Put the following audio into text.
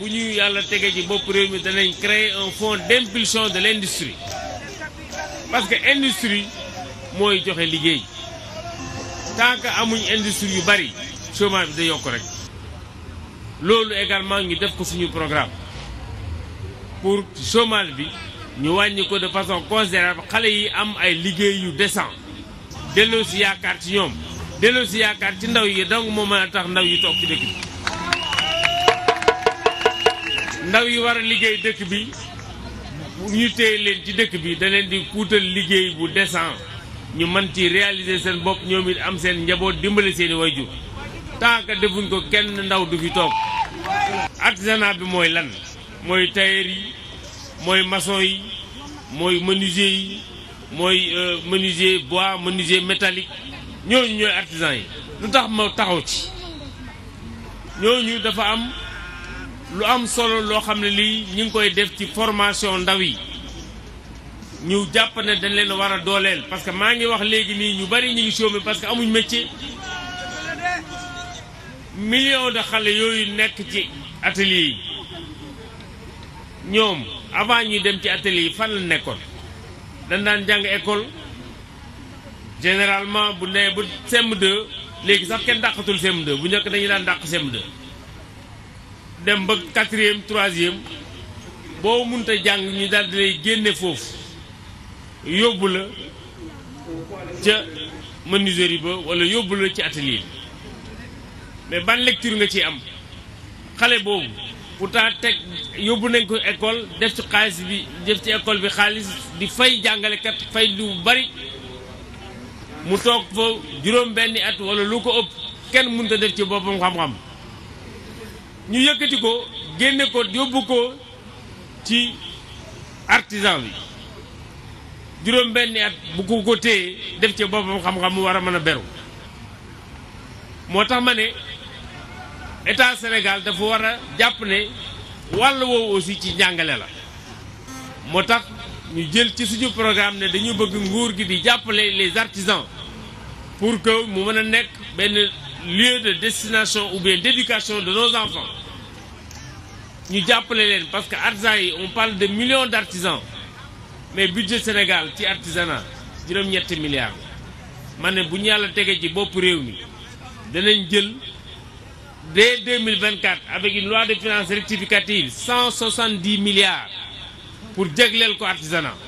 bu ñu yàlla tege ci bopp réew mi danañ créer un fonds d'impulsion de l'industrie parce que industrie mooy joxe liggéey tant que amuñ industrie yu bari chômage bi da yokk rek loolu également ñu def ko suñu programme pour chômage bi ñu wàññi ko de façon considérable xale yi am ay liggéey yu décent delloo si yaakaar ci ñoom delloo yaakaar ci ndaw yi donc moo mën a tax ndaw yi toog dëkk ndaw yi war a liggéey dëkk bi ñu téye leen ci dëkk bi da di wuutal liggéey bu décent ñu mën ci réaliser seen bopp ñoom it am seen njaboot dimbale seeni i wayjur tant que defuñ ko kenn ndaw du fi toog artisanat bi mooy lan mooy tailleur yi mooy mason yi mooy menuisier yi mooy euh, menuisier bois menuisier métallique ñooñu ñooy artisan yi lu tax ma taxaw ci ñooñu dafa am lu am solo loo xam ne lii ñu ngi koy def ci formation ndaw yi ñu jàpp ne dañ leen war a dooleel parce que maa ngi wax léegi nii ñu bari ñu ngi chômé parce que amuñ métier million de xale yooyu nekk ci atelier yi ñoom avant ñuy dem ci atelier yi fan la nekkoon dañ daan jàng école généralement bu nee bu cm léegi sax kenn dàqatul CM2 bu njëkk dañu daan dàq CM2 dem ba quatrième troisième boo munta jàng ñu daal di lay génne foofu yóbbu la ca menuiserie ba wala yóbbu la ci atelier mais ban lecture nga ci am xale boobu pourtant teg yóbbu nañ ko école def ci xaalis bi def ci école bi xaalis di fay jàngalekat fay du bari mu toog fa juróom benni at wala lu ko ëpp kenn mënut a def ci boppam xam-xam ñu yëkkati ko génne ko yóbbu ko ci artisan bi juróom benni at bu ko ko téye def ci boppam xam-xam mu war a mën a beru moo tax ma ne état Sénégal dafa war a jàpp ne wàll woowu aussi ci njàngale la moo tax ñu jël ci suñu programme ne dañu bëgg nguur gi di jàppale les artisans pour que mu mën a nekk benn lieu de destination ou bien d'éducation de nos enfants ñu jàppale leen parce que artisans yi on parle de millions d' artisans mais budget Sénégal ci artisanat juróom-ñetti milliards ma ne bu ñu yàlla tege ci bopp réew mi danañ jël dès deux mille vingt quatre avec une loi de finances rectificative cent soixante dix milliards pour jegleel ko artisanat